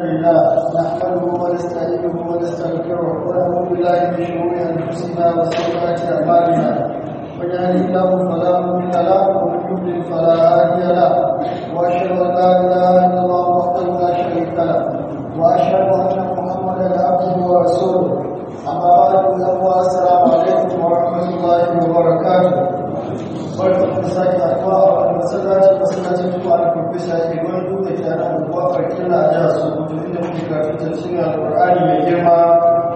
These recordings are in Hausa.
لله نحمده ونستعينه ونستغفره ونعوذ بالله من شرور انفسنا وسيئات اعمالنا من يهده الله فلا مضل له ومن يضلل فلا هادي له واشهد ان لا اله الا الله وحده لا شريك له واشهد ان محمدا عبده ورسوله اما بعد السلام عليكم ورحمه الله وبركاته barkan da sake haɗuwa a wannan masallaci masallacin kuma a rufin bisa iman duk da ke nan unguwa farkin na jihar su muke karfin cikin alƙur'ani mai girma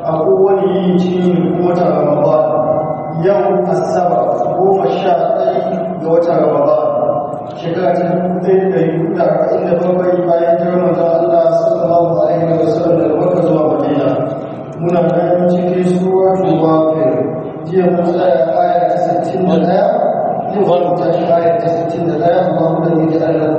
a kowane yin cikin watan ramadan yau asabar goma sha ɗaya ga wata ramadan shekara ta dubu ɗaya da dubu da arba'in da bakwai bayan girman da allah sallallahu alaihi wa sallam daga makka zuwa madina muna bayan cikin suwa tuwa jiya mun tsaya aya ta sittin da ɗaya يغرق الآية 60 لا اللهم الذي جعل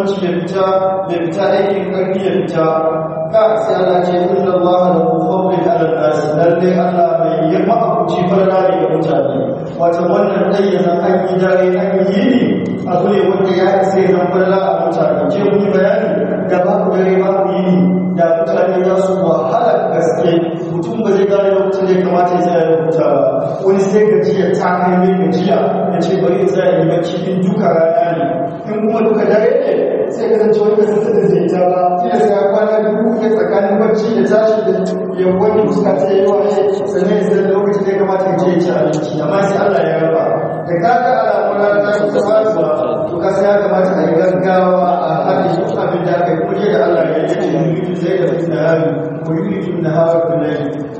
kasuwanci ya fita ya fita aikin ƙarfi ya fita ka sai Allah ce inna Allah la da al-nas lalle Allah bai yi ma ma'abuci farada ne ga mutane wato wannan ayyana an yi dare an yi ne a zure wanda ya sai nan farada a mutane ce mun bayani da babu dare babu yi da mutane za su wahala gaske mutum ba zai gane lokacin da ya kamata ya tsaya rubuta ba wani sai gajiya ta kai mai gajiya ya ce bari in tsaya ya ba cikin duka rana in kuma duka dare ne sai kasance wani kasance da zai ta ba ina sai ya kwana dubu ne tsakanin barci da tashi da yawon da fuska ta yi wani sannan ya sai lokacin da ya kamata ya je ya ci amma sai Allah ya raba da ka ga alamun rana ta ta fasuwa to ka sai ya kamata a yi gaggawa a haɗe duk abin da aka yi kuma da Allah ya ce yi zai da fi na hari ko yi fi na hari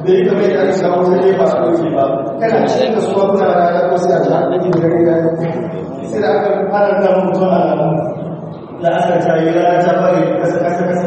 da yi bai kamar da aka sai ba a ɗauke ba kana cikin da suwa kuna da ya kusa da da aka fara da mutum a da ta yi ta kasa kasa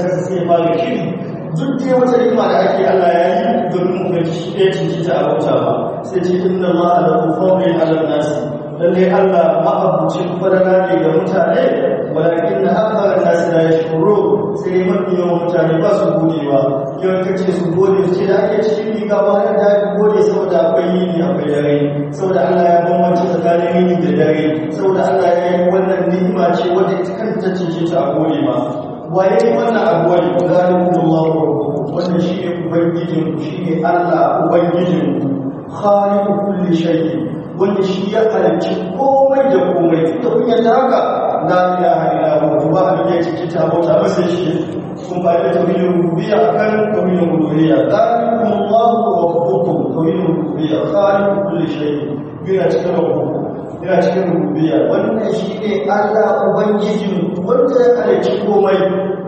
duk dai wata hikima da ake Allah ya yi domin mu fahimci ɗaya ce ta abota ba sai ce inna Allah da kufawai alal nasi lallai Allah ma'abucin fadana ne ga mutane walakin na akara na suna ya shuru sai mafi yawan mutane ba su godewa yawan kace su gode su ce da ake cikin riga ba har da ake gode saboda akwai yini akwai dare saboda Allah ya bambance tsakanin yini da dare saboda Allah ya yi wannan ni'ima ce wadda ita kanta ce ta a gode ma waye wannan abuwa ne ku gane kuma wannan shi ne ubangijinku shi ne Allah ubangijinku khaliqu kulli shay'in wanda shi ya halarci komai da komai duk da kun yadda haka na ila ila mutu ba a ya ciki ta bauta ba sai shi kun ba da tawilin rubiya akan tawilin rubiya Kuma Allahu wa rabbukum tawilin rubiya khaliqu kulli shay'in yana cikin rabbukum yana cikin rubiya wannan shi ne Allah ubangijin wanda ya halarci komai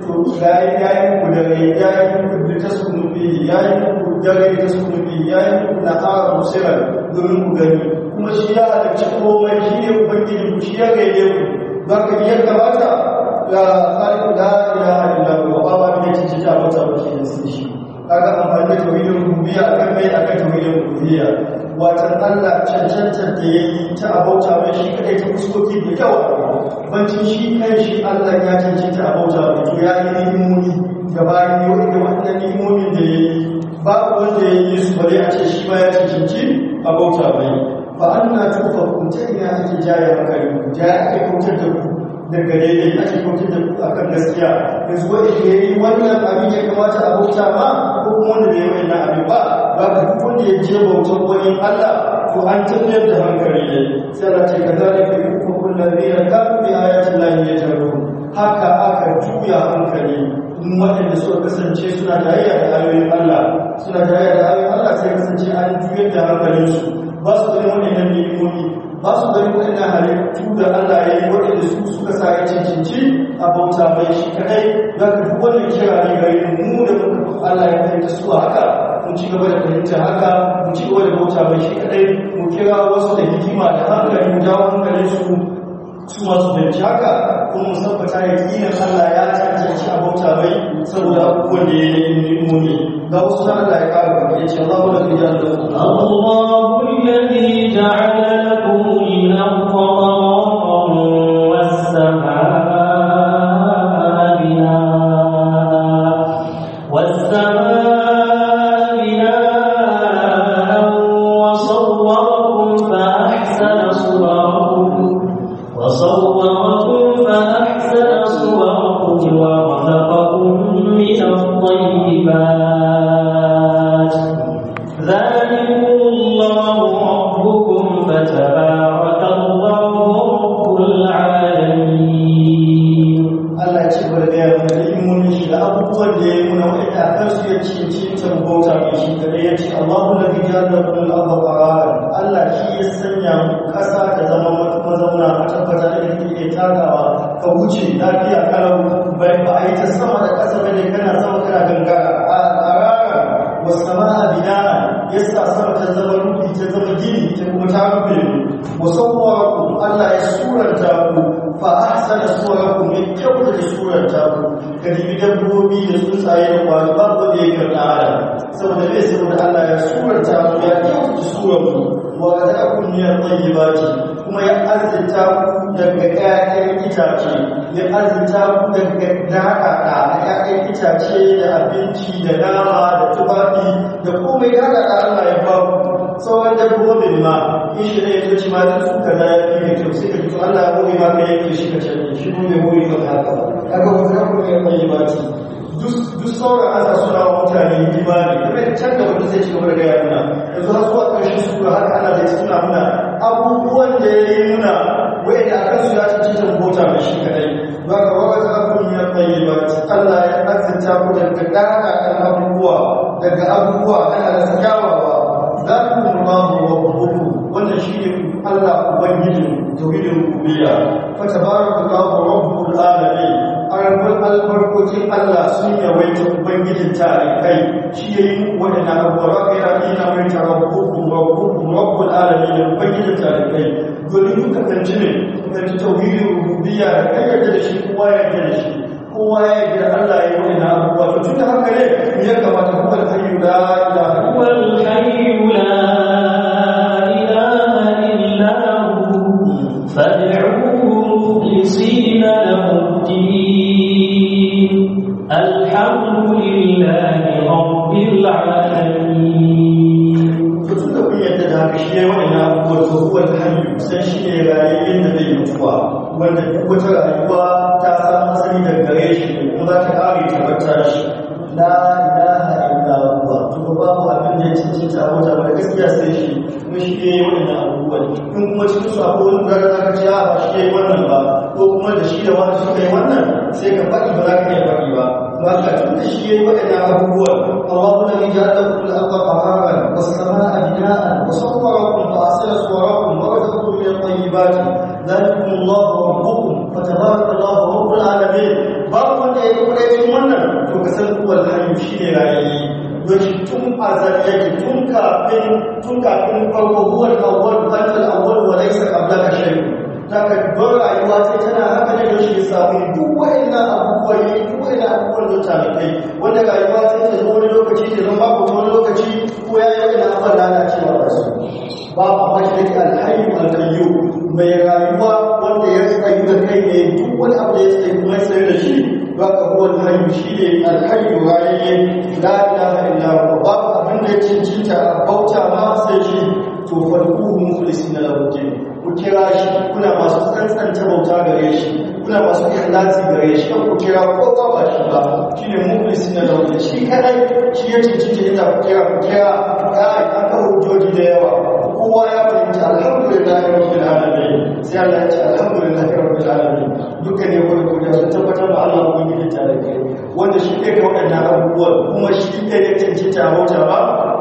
to yayi yayi ku da yayi ku da tasunu bi yayi ku da tasunu bi yayi na ara musiran domin ku gani kuma shi ya halarci komai shi ne ubangiji ku shi ya gaye ku ba ka biyar kamata ga tsariku da ya da ba ba ba ne cikin ta mata ba shi ne sun shi kaga amfani da tauhidin rubiya kan mai akan tauhidin rubiya wata Allah cancantar da ya yi ta abauta mai shi kadai ta fuskoki da kyau bancin shi kai shi Allah ya cancanta abauta mai to ya yi ni'imomi da bayan yau da wannan ni'imomin da ya yi babu wanda ya yi su bare a ce shi ma ya cancanci abauta mai ba an na tufa kunce ina ake jaya hankali jaya ake kautar da ku daga daidai ake kautar da ku akan gaskiya yanzu wanda ke yi wannan abin ya kamata a bauta ma ko kuma wanda bai yi na abin ba ba ka fi wanda ya je bautar wani allah ko an tafiyar da hankali ne sai na ce ka ka yi ko kullum ne da kafin bi ayatun layi ya jaro haka aka juya hankali waɗanda suka kasance suna tarayya da ayoyin Allah suna tarayya da ayoyin Allah sai kasance an juyar da hankalinsu ba su gani waɗannan ni'imomi ba su gani hari halittu da Allah ya yi da su suka sa ya cancanci a bauta mai shi kadai za ka fi wannan kira ne gare mu da Allah ya fahimta su haka mu ci gaba da fahimta haka mu ci gaba da bauta mai shi kadai mu kira wasu da hikima da hankali mu jawo hankalin su su masu fahimci haka kuma mu tabbata yi ƙi Allah ya cancanci a bauta mai saboda abubuwan da ya yi لو سأل عقابه يجي الله الذي الله الذي جعل لكم الأرض kuma ta rufe mu Allah ya suranta ku fa ahsana suwarakum ya kyauta da suranta ku ka dibi dabbobi da tsuntsaye da kwari ba ku da ya karɓa adam saboda dai saboda Allah ya surata ku ya kyauta suwar ku wa razaqakum min at-tayyibati kuma ya arzinta ku daga ƴaƴan itace ya arzinta ku daga dakaka ƴaƴan itace da abinci da nama da tufafi da komai ya haɗa Allah ya ba ku sauran dabbobin ma in shi ne ya ci ma su suka da ya fi kyau sai ka ji Allah ya gobe ma ka yanke shi ka canje shi ko bai gobe maka haka ba wanda ya gobe ya mai ba ci duk sauran ana suna wa mutane yi ba ne kuma can da wani zai ci gaba da gaya muna yanzu har zuwa ƙarshen sura har ana zai suna nuna abubuwan da ya yi nuna wai da akan su ya ci cikin bota mai shi kadai ba ka wa wata abun ya mai ba Allah ya azanta ku daga ɗaya abubuwa daga abubuwa ana da kyawawa ذلكم الله ربكم wannan shine Allah ubangiji tauhidin rububiyya fa tabarakallahu rabbul alamin arabul albarkokin Allah sun yawaita ubangijin tare kai shi yayi wadannan abubuwa kai da ni na kai domin duka kowa ya da shi ya yi da Allah ya yi na abubuwa to tun da haka ne ya kamata kuma alhayyu la ilaha illa huwa العليم فسنة كلية تدعك شيء وإلا أقول فهو wanda ta samu asali shi za ta kare tabbata shi la ilaha illa huwa to babu ba gaskiya sai shi wannan abubuwan kuma cikin za ka a ba shi wannan ba ko kuma da shi da wannan sai ka faɗi ba za ka iya faɗi ba ba ka tun shi ne wannan abubuwan طلبنا رجالكم الأرض قرارا والسماء بناء وصوركم فأحسن صوركم ورزقكم من الطيبات ذلكم الله ربكم فتبارك الله رب العالمين babu wanda ya kuma ya cikin wannan to ka san kuwa alhayu shi ne rayayi doki tun a zariyaki tun kafin tun kafin farko huwa al-awwal bal al-awwal wa laysa qablaka shay'un daga duk rayuwa sai tana haka ne da shi samu duk wayannan abubuwa ne duk wayannan abubuwan da ta kai, wanda rayuwa sai ta zo wani lokaci ta zama ko wani lokaci ko ya yi wayannan abubuwan lalacewa ba su ba a mashi da alhayyu alqayyum mai rayuwa wanda ya tsayu da kai ne duk wani abu da ya tsayu mai tsayu da shi ba ka huwa alhayyu shi ne alhayyu rayayye la ilaha illa huwa ba abin da ya cincinta a bauta ma sai shi to falquhu mukhlisina lahu din ku kira shi kuna masu tsantsanta bauta gare shi kuna masu ikhlasi gare shi ku kira ko ba ba shi ba shine mukhlisina shi kadai shi ya cinci ita ku kira ku kira ka ka hujjoji da yawa kowa ya fahimci alhamdulillahi rabbil alamin sai Allah ya ce alhamdulillahi rabbil alamin dukkan ne wani kuma sun tabbatar da Allah mun yi tare wanda shi ke waɗannan abubuwan kuma shi ke ya cinci ta bauta ba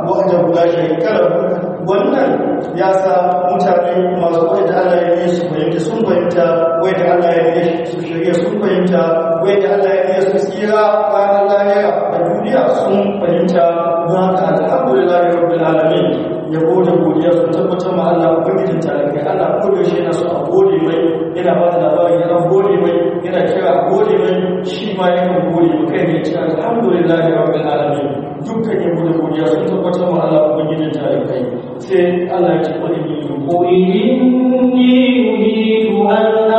wanda kula shi kala wannan ya sa mutane masu wai da Allah ya su fahimta sun fahimta wai da Allah ya su shirya sun fahimta wai da Allah ya su tsira ranar lahira da duniya sun fahimta na ta don abu da ya rabbil alami ya bude godiya sun tabbatar ma Allah ubangijin talakai Allah kodayaushe na su a gode mai yana ba da labarin ya gode mai yana cewa gode mai shi ma yakan gode mai kai ne cewa alhamdulillah ya rabbil alamin dukkan yabo da ya sun tabbatar wa Allah ubangijin kai sai Allah ya ce kwanin ne ko yi uridu an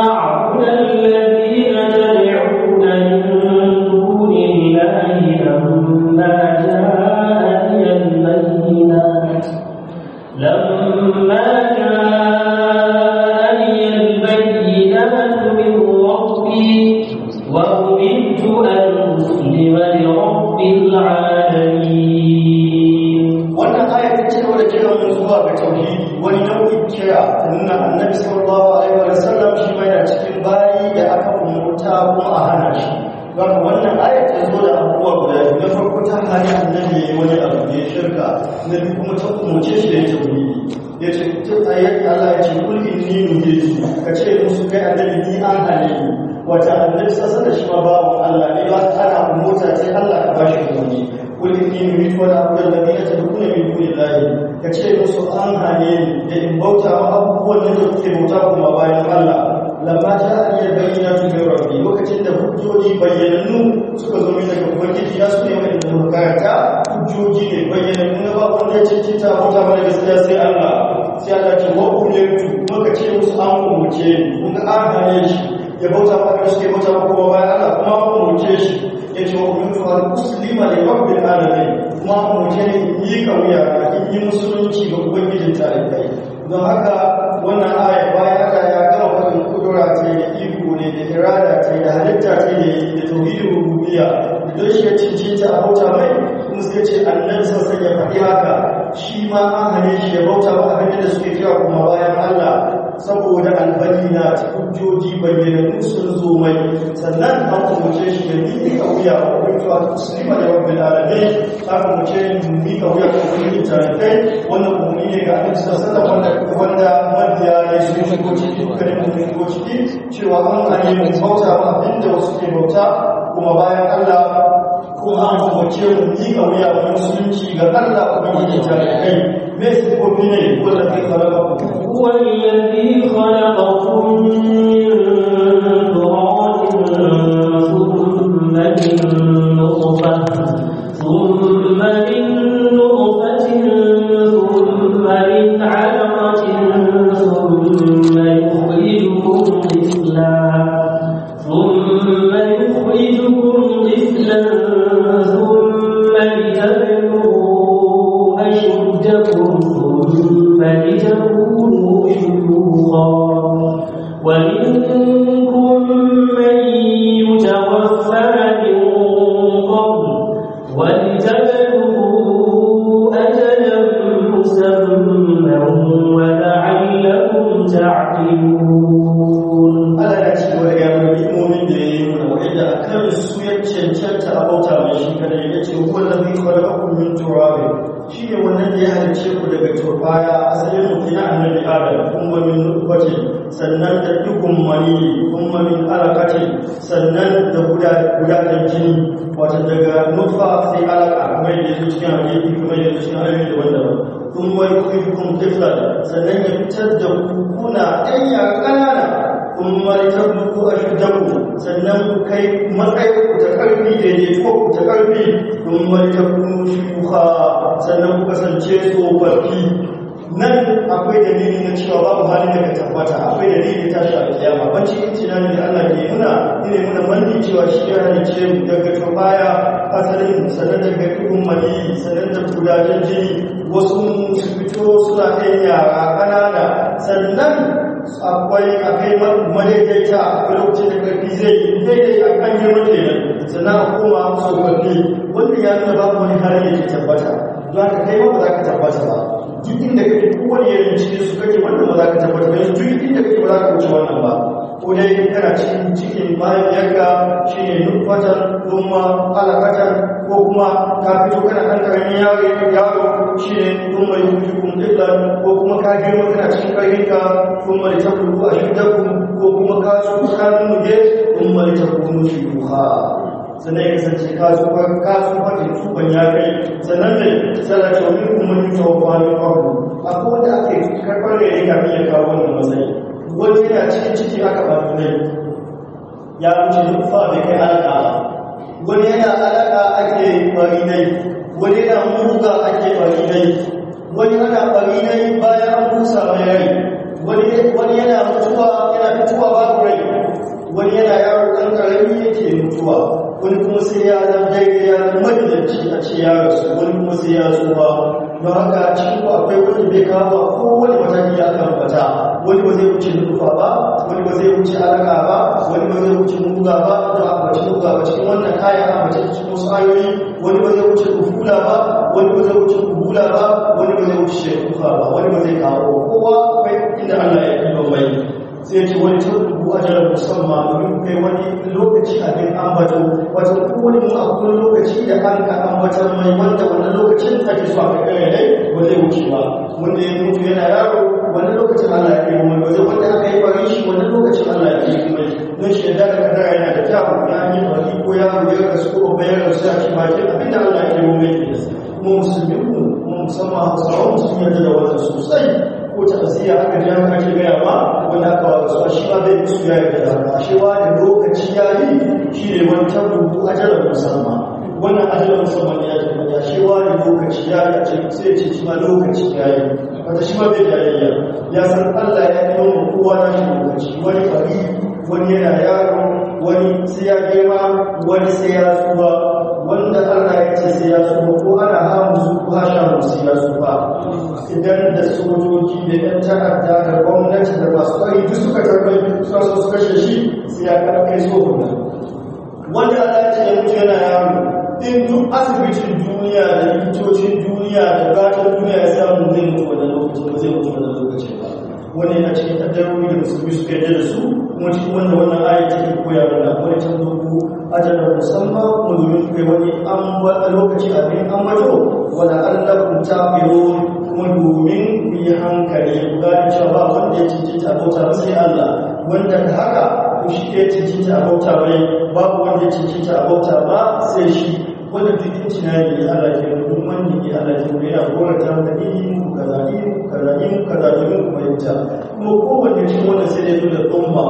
da ce da halitta ta da tauhidin rububiyya don shi ya cincinta a bauta mai kuma suka ce annan sassa faɗi haka shi ma an hane shi ya bauta ba abin da suke kira kuma bayan Allah saboda albani na ta hujjoji bayyana sun zo mai sannan an umarce shi ya ka wuya a kwanto a musulma da rabbi alamai an umarce shi ka wuya a kwanto tarikai wannan umarni ne ga annabi sallallahu da wanda mabiya ya shi shigo ciki karin mutum shigo ciki cewa an an mu bauta da wasu ke bauta kuma bayan Allah kuma an umarce mu ka wuya a musulunci ga Allah ubangiji tarikai مثلكم من الذي خلقكم هو الذي خلقكم من halittar wata daga nufa sai alaƙa mai da yanzu cikin hadisi mai da yanzu cikin da wanda kun wai sannan ya fitar da kuna kun wani tabbuku a sannan kai ƙarfi kasance tsofaffi nan akwai dalili na cewa babu hali daga tabbata akwai dalili ta shi alƙiyama bacci itinani da Allah ke nuna ne nuna manni cewa shi ya halice mu daga turbaya asalin sannan daga dukkan mali sannan da kudajen jini wasu su fito suna kai yara ƙanana sannan akwai akai madaidaita a lokacin da karfi zai yi daidai a kan yi mutane sana a koma tsofaffi wanda ya nuna babu wani hali da ke tabbata don ka kai ma ba za ka tabbata ba jirgin da kake kowane yayin cikin su kake wanda ba za ka tabbatar da yanzu jirgin da kake ba za ka wuce wannan ba ko dai kana cikin cikin bayan yanka shi ne numfatan kuma alakatar ko kuma ka fito kana ɗan ƙaramin yaro yaro shi ne kuma yi wuce kun dillan ko kuma ka girma kana cikin ka kuma da tabbatu a shi ko kuma ka tsoka nuna ge kuma da tabbatu nufi duha sannan ya kasance kasuwar kasuwar da tuban ya kai sannan da sannan ta kuma yi tawafa ne farko akwai wanda ake yi karɓar da ya kafin ya kawo wannan matsayi wanda yana cikin ciki aka faru ne ya wuce nufa bai kai alaƙa wani yana alaka ake bari nai wani yana muruka ake bari nai wani yana bari nai bayan an busa mai rai wani yana mutuwa yana mutuwa babu rai wani yana yaro ɗan ƙarami yake mutuwa wani kuma sai ya zan da ya zan majalanci a ce ya rasu wani kuma sai ya tsufa don haka cikin ku akwai wani bai kawo ko wani wata ya kan fata wani ba zai wuce nufa ba wani ba zai wuce alaka ba wani ba zai wuce muga ba da abaci muga ba cikin wannan kaya kayan abaci cikin wasu ayoyi wani ba zai wuce kufula ba wani ba zai wuce kubula ba wani ba zai wuce shekufa ba wani ba zai kawo kowa akwai inda Allah ya yi mai sai ce wani cikin dubu a jirar musamman domin kai wani lokaci a bin ambato wata kowane mu akwai lokaci da an ka ambatar mai wanda wani lokacin ake so a kai kai ne ba wuce ba wanda ya mutu yana yaro wani lokacin Allah ya kai wani wajen wanda aka yi bari shi wani lokacin Allah ya kai mai don shi yadda da kadara yana da kyau ya yi bari ko ya ya rasu ko ba ya rasu a ci baki abin da Allah ya kai mai kuma musulmi mu musamman hausawa musulmi yadda da wannan sosai ko ta asiya haka ne haka ake gaya ma wanda aka wa su shi ba zai musu ya yarda a shi wa da lokaci ya yi shi ne wancan rubu ajalar musamman wannan ajalar musamman ya ce ya shi wa da lokaci ya yi ce sai ce shi lokaci ya yi wata shi ma zai jayayya ya san allah ya yi wani kowa na shi lokaci wani fari wani yana yaro wani sai ya girma wani sai ya tsuwa wanda Allah ya ce sai ya so ko ana hamu su ko hasha sai ya so ba idan da sojoji da ɗan ta'adda da gwamnati da masu tsari duk suka tarbai suka so suka kashe shi sai ya karkai so guda wanda Allah ya ce ya mutu yana yaro in duk asibitin duniya da likitocin duniya da bakin duniya ya samu zai mutu wannan lokacin ba zai mutu wannan lokacin ba wani a cikin kaddarori da musulmi suka yi da su kuma cikin wanda wannan aya take koya mana wani can a ajalar musamman kuma domin kai wani an ba lokaci abin an mato wala Allah ku ta firo kuma domin ku yi hankali ku gane cewa ba wanda ya cinci abota sai Allah wanda ta haka ku shi ke cinci bauta bai babu wanda ya cinci bauta ba sai shi wanda duk cinari ne ala ke duk wanda ke ala ke ya korata da ilimin yi kaza ka ku kaza ilimin ka kaza yi ku fahimta kuma kowane cikin wanda sai dai da tsumma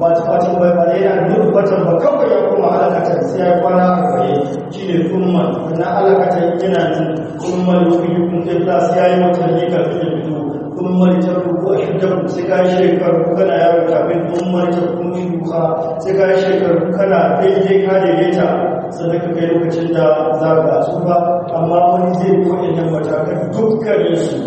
ba ta fatan bai ba yana nuna fatan ba kawai ya kuma alakata sai ya kwana a kwaye shi ne tsumma na alakata yana nan tsumma da wani yi hukun tafiya sai ya yi wata ne ka fi ya fito tsumma da ta rubu a shidda sai ka yi shekaru kana yaro kafin tsumma da ta kuma shuka sai ka yi shekaru kana daidai ka daidaita sannan ka kai lokacin da za ka ba amma wani zai yi wa'annan matakan dukkanin su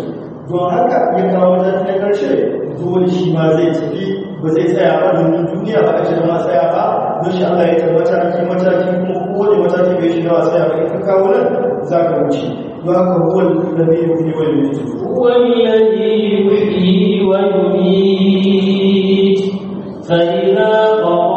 don haka ya kawo wajen na karshe dole shi ma zai tafi ba zai tsaya ba domin duniya ba ake ce ma tsaya ba don shi Allah ya tabbata mataki mataki kuma kowane mataki bai shiga wa tsaya ba in ka kawo nan za ka wuce don haka huwal ladhi yuhyi wa yumiit huwal ladhi yuhyi wa yumiit fa idza qada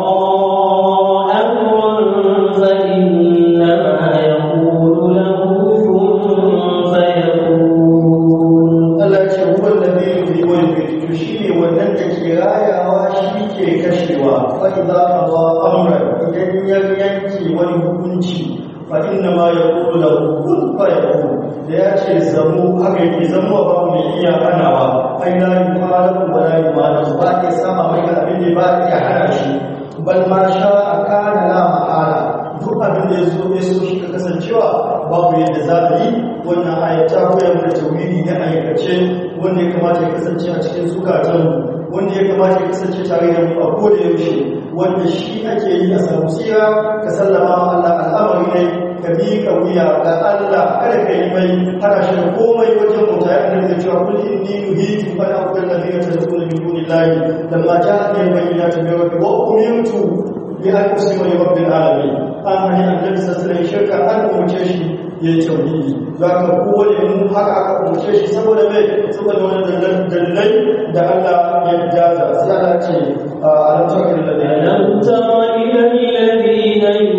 ce zamu haka yake zamu ba babu mai iya hanawa ai kuma na yi mana su ba ke sama mai abin da ba ya hana shi bal ma sha kana na ma'ala duk abin da zo ya so shi ka kasancewa babu yadda za ka yi wannan aya ta koya mana tawhidi na aikace wanda ya kamata ya kasance a cikin zukatan wanda ya kamata ya kasance tare da mu a koda yaushe wanda shi ake yi a samu ka sallama wa Allah al'amari ne ka bi ka wuya ga Allah kada ka yi mai hana shi komai wajen mota ya annabi da cewa kul inni nuhitu an aqul layi da ma dunillahi ake yi mai ya rabbi wa umirtu bi an yi li rabbil alami an hanyar da sallallahu shirka an ce shi ya yi tauri za ka kowane mu haka aka umarce shi saboda mai saboda wani dandandandai da Allah ya jaza sai Allah ce a lantarki da yi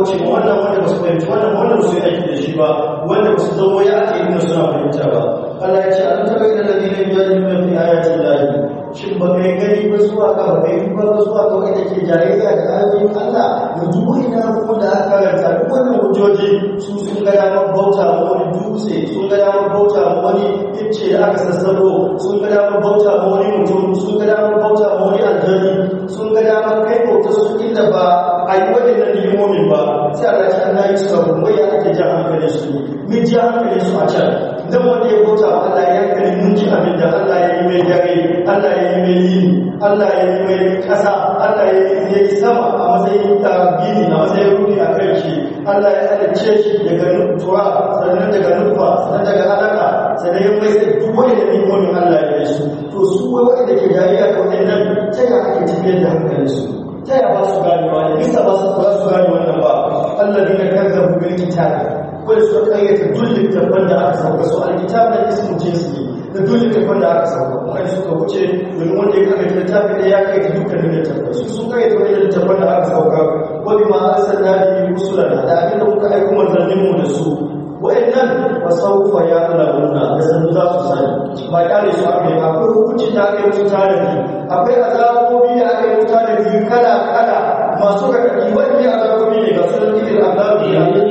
kauce ma wannan wanda ba su fahimci wannan wanda ba su yi aiki da shi ba wanda ba su zama ya ake yi da suna fahimta ba Allah ya ce an taɓa yi da lalina jari na fi ayatin lari shi ba yi gani ba zuwa ka ba kai ba ba zuwa ka wanda ke jayayya da ayoyin Allah yanzu ko ina kuma da aka karanta duk wannan hujjoji su sun ga damar bauta ma wani dutse sun ga damar bauta ma wani icce da aka sassaro sun ga damar bauta ma wani mutum sun ga damar bauta ma wani aljani sun ga damar kai bauta su inda ba yi waɗannan limomin ba sai a tashi ana yi sabon waya ake jan hankalin su mun ji hankalin su a can dan wanda ya bauta wa Allah ya hankali mun ji abin da Allah ya yi mai dare Allah ya yi mai yini Allah ya yi mai ƙasa Allah ya yi sama a matsayin gini a matsayin rufi a kan shi Allah ya halicce shi daga nutuwa sannan daga nufa sannan daga alaka sannan ya mai duk wanda limomin Allah ya yi su to su wai wanda ke dariya kawai nan sai ake tafiyar da hankalin su ta ya ba su ba ne bisa ba su ba su gane wannan ba Allah ne kan zabu bil kitabi wanda su kayyata dullin tabban da aka sauka su alkitab da ismu jinsi da dullin tabban da aka sauka kuma suka wuce domin wanda ya kaga littafi da ya kai da dukkanin littafin su sun kayyata wani tabban da aka sauka Wani bima arsalna bi rusulana da abin da muka aika manzannin mu da su wayannan fa sawfa ya'lamuna da sun za su sani ba kare su akai akwai hukunci da aka yi tare da akwai azabobi da aka yi tare da kala kala masu kakaki wani azabobi ne ga sunan cikin azabi ya yi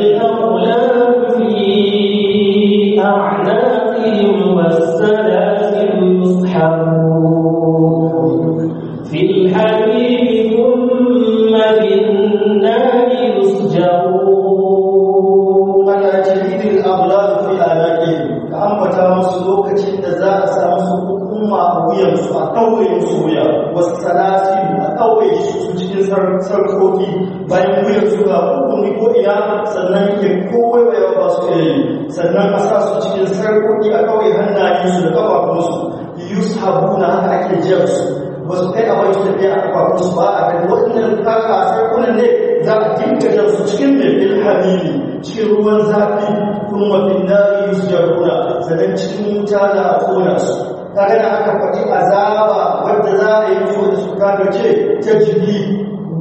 أعناقهم والسلاسل يسحبون في الحديث a ɗaure wasu salasi a ɗauke su cikin sarkoki bayan wuyan su ga hukumi ko iya sannan ke kowai waya ba su sannan a sa su cikin sarkoki a hannayen su da ƙafafunsu yusuf habuna haka ake jiyar su ba su kai a wani tafiya a kwakwun ba a kan wannan kaka sarkunan ne za a dinka jan su cikin mai hamili cikin ruwan zafi kuma mafin nari su jaruna sannan cikin wuta na a kona su tare da aka faɗi azaba wadda za a yi musu da su ce ta jini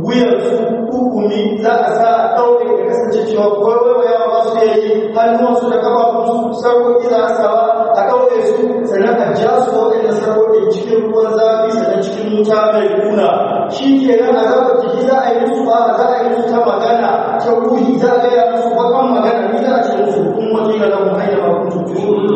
wuyansu hukumi za a sa a ɗaure da kasance cewa kwakwaiwa ɗaure hannuwansu da kafafunsu sarƙoƙi za a sawa a ɗaure su sannan a ja su waɗanda sarƙoƙin cikin ruwan zafi da cikin wuta mai kuna shi ke nan a zaɓar jiki za a yi musu ba za a yi musu ta magana ta ruhi za a gaya musu bakon magana ni za a ce musu kun wani da lamun aina ma kun tuntun.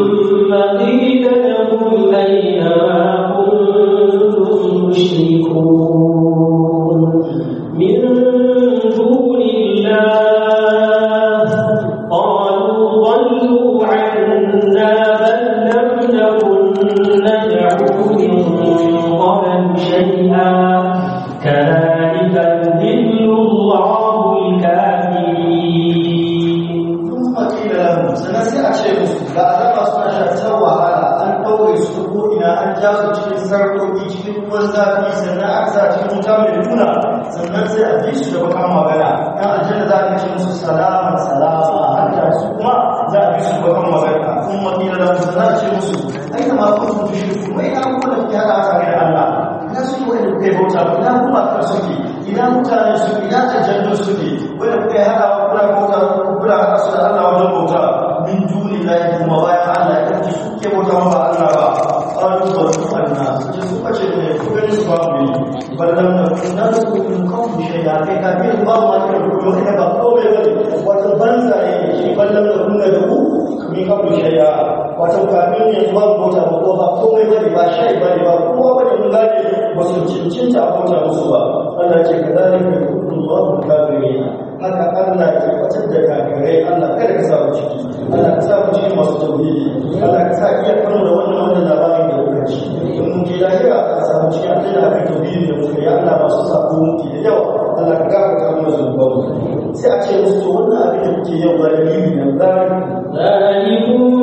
se a pessoa não acredita em alguém, não é verdade? Não é verdade?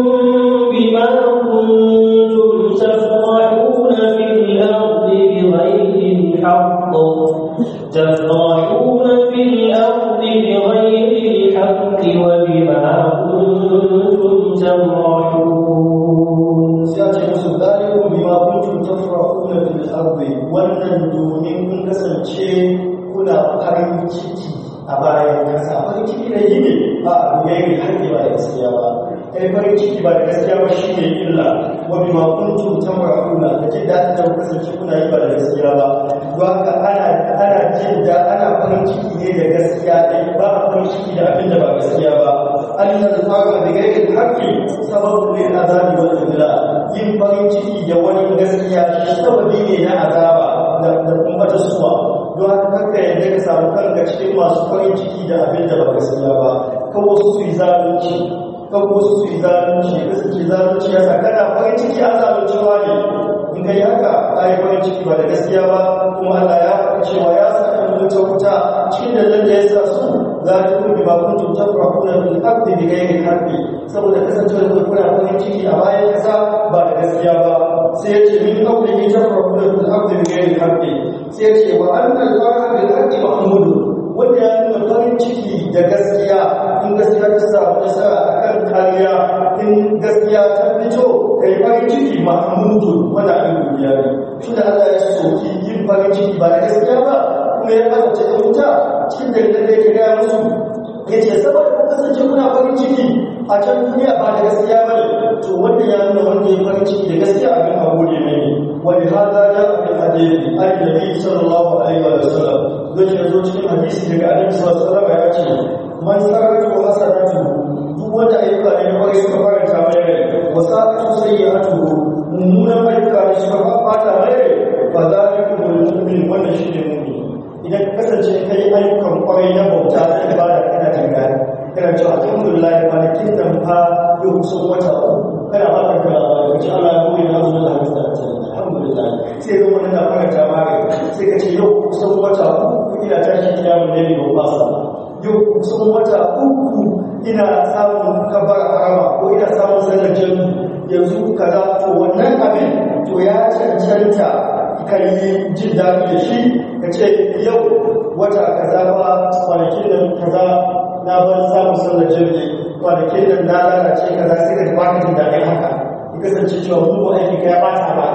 farin ciki da abin da ba gaskiya ba kan wasu su yi zalunci kan wasu su yi zalunci da suke zalunci ya sa kana farin ciki a zalunci ba ne in yi haka a yi farin ciki ba da gaskiya ba kuma Allah ya faɗi cewa ya sa ɗan wuta wuta cikin da zan da ya sa su za ta kuma ba kun tuntar ba kuna bin haƙƙi da gairi haƙƙi saboda kasancewa da kuna farin ciki a bayan ƙasa ba da gaskiya ba sai ya ce min haƙƙi ta farko da haƙƙi da gairi haƙƙi sai ya ce wa an tarfa da haƙƙi mahmudu ciki da gaskiya in gaskiya ta samu nasara a kan kariya in gaskiya ta fito ka yi farin ciki ma a mutu wanda a an duniya ne shi da Allah ya soki yin farin ciki ba da gaskiya ba kuma ya kasance da wuta cikin dalilan da ya gaya musu ya ce saboda ku kasance kuna farin ciki a can duniya ba da gaskiya ba ne to wanda ya nuna wanda ya farin ciki da gaskiya abin a gode mai ne wani hada ya abin hadari an yi sallallahu alaihi wa sallam zai ya zo cikin hadisi daga annabi sallallahu alaihi ya ce man sarrafa hasanatu duk wanda ayyuka ne na kwarai suka fara ta mai rai wa sa'atu sayyi'atu mummunan ayyuka ba suka fata mai rai fa zalikum mu'min wannan shi ne mu'min idan ka kasance kai ayyukan kwarai na bauta da ibada kana dangane kana cewa alhamdulillah ba kwanakin nan fa yau sun wata uku kana ba ka kira ba ka ci Allah ya koyi na zuwa da hadisi alhamdulillah sai ga wani na faranta mare sai ka ce yau kusan wata uku ina tashi ya mu ne ba ba sa yau kusan wata uku ina samun kabar harama ko ina samun sallar yanzu kaza to wannan abin to ya cancanta kan yi jin daɗi da shi ka ce yau wata kaza ba kwanakin nan kaza na bar samun sallar jami kwanakin nan na lalace kaza sai ka tafi ka jin daɗin haka kasance cewa mu aiki ka ya ba ta ba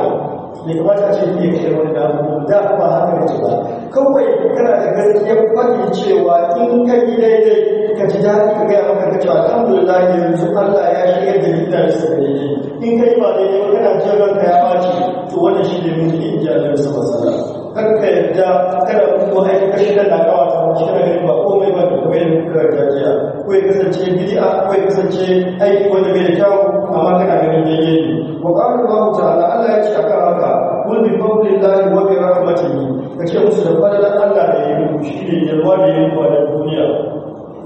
bai kamata ce ne ke wani damu da ba haka ne ba kawai kana da gaskiyar faɗi cewa in ka yi daidai ka ji daɗi ka gaya maka ka cewa alhamdulillah yanzu Allah ya shirya da yadda ya sa daidai in ka yi ba daidai ba kana jin ranka ya ɓaci to wannan shi ne mutum in ji Allah ya sa karka yadda kada kuma ai kashe da lagawa ta wuce na gari ba komai ba da kuma yin karanta jiya ko ya kasance bid'a ko ya kasance aiki wanda bai da kyau amma kana ganin daidai ne wa qala Allahu ta'ala Allah ya ce akan haka kul bi fadlillahi wa bi rahmatihi kace musu da fadlan Allah da ya yi shi ne yalwa da ya yi da duniya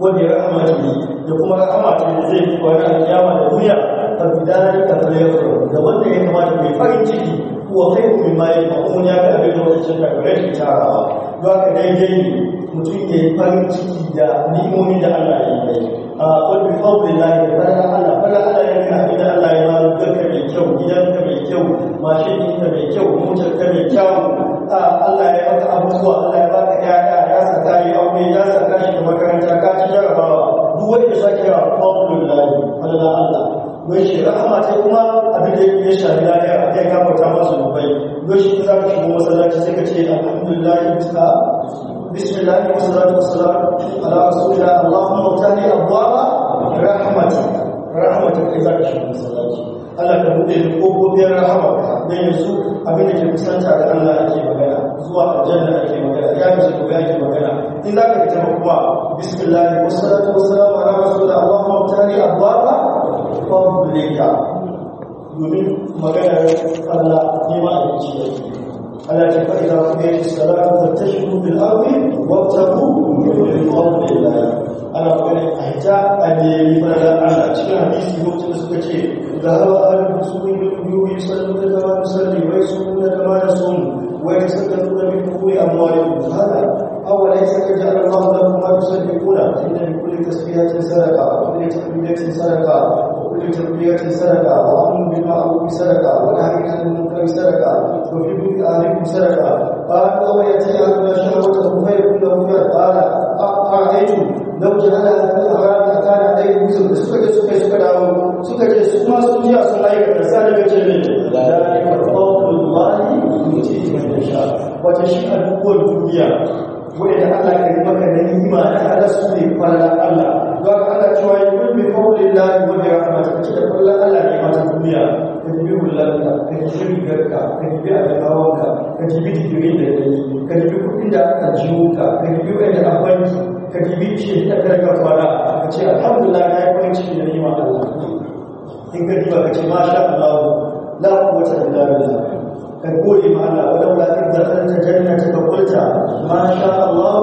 wa bi rahmatihi da kuma rahama ta zai kwana kiyama da duniya فبذلك فليفرح da wanda ya kamata mai farin ciki kuwa kai mai mai ma'amun ya ga abin lokacin da kare shi tarawa ba ka daidai mutum ya yi farin ciki da ni'imomi da Allah ya yi a kullu fadlillahi da fara Allah fara Allah ya ga abin da Allah ya yi ba, ka mai kyau gidan gidanka mai kyau mashin ɗinka mai kyau motar ka mai kyau A Allah ya baka abubuwa Allah ya baka yaya ya saka yi aure ya saka shi da makaranta ka ci jarabawa duk wanda ya sake fadlillahi fadlan Allah don rahama ta kuma abin da ya shafi lafiya a kai kama ta masu dubai don shi za ka shigo masallaci sai ka ce alhamdulillah bisa bismillah wassalatu wassalam ala rasulillah allahumma utani abwaba rahmati rahmati kai za shigo masallaci Allah ka buɗe kofofin rahama don yanzu abin da ke kusanta da Allah ake magana zuwa aljanna ake magana ya fi shigo ya ke magana in za ka fita kuma bismillah wassalatu wassalam ala rasulillah allahumma utani abwaba فضلك domin maganar Allah nema da ci da ke Allah ke faɗi da kuma yake salatu da tashiru bil ardi wa tabu min fadlillah ana magana a hita a nemi madar Allah cikin hadisi ko tun suka ce da hawa an musulmi da yuyi sallu da kama da salli wai sun da kama da sun wai sadaru da min kuwi amwalihum hada أوليس يجعل الله لكم ما تسبحون إن لكل تسبيحة سرقة وكل تحميدة سرقة ಕ್ಷತ್ರಿಯ ವಿಸರಕ ವಾಮನ ಬಿನ ಅವು ವಿಸರಕ ವರಹರಿನ ಮಂತ್ರ ವಿಸರಕ ವಭಿಭೂತಿ ಆಲಿ ವಿಸರಕ قالوا ويأتي عبد شهوة خير له قال أعطيت لو جعل هذا الحرام أكان عليه وزر سكت سكت سكت سكت سكت ما سكت يا سلاي كرسالة بجميل ذلك فضل الله يؤتيه من يشاء وتشاء القلوب wanda Allah ka yi maka ala su ne kwallon Allah ba ka ala cewa yi kun bi kawai lalai wanda ya kuma ka da kwallon Allah ne mata duniya ka jibi hulanka ka jibi shirgarka ka jibi alkawanka ka jibi digiri da kai ka jibi kuɗin da aka jiwo ka ka jibi wanda a banki ka jibi ce ta karkar fara ka ce alhamdulillah na yi farin da nima Allah in ka jiba ka ce masha Allah la kuwata illa billah ka gode ma Allah wa laula in dakhalta jannataka qulta ma sha Allah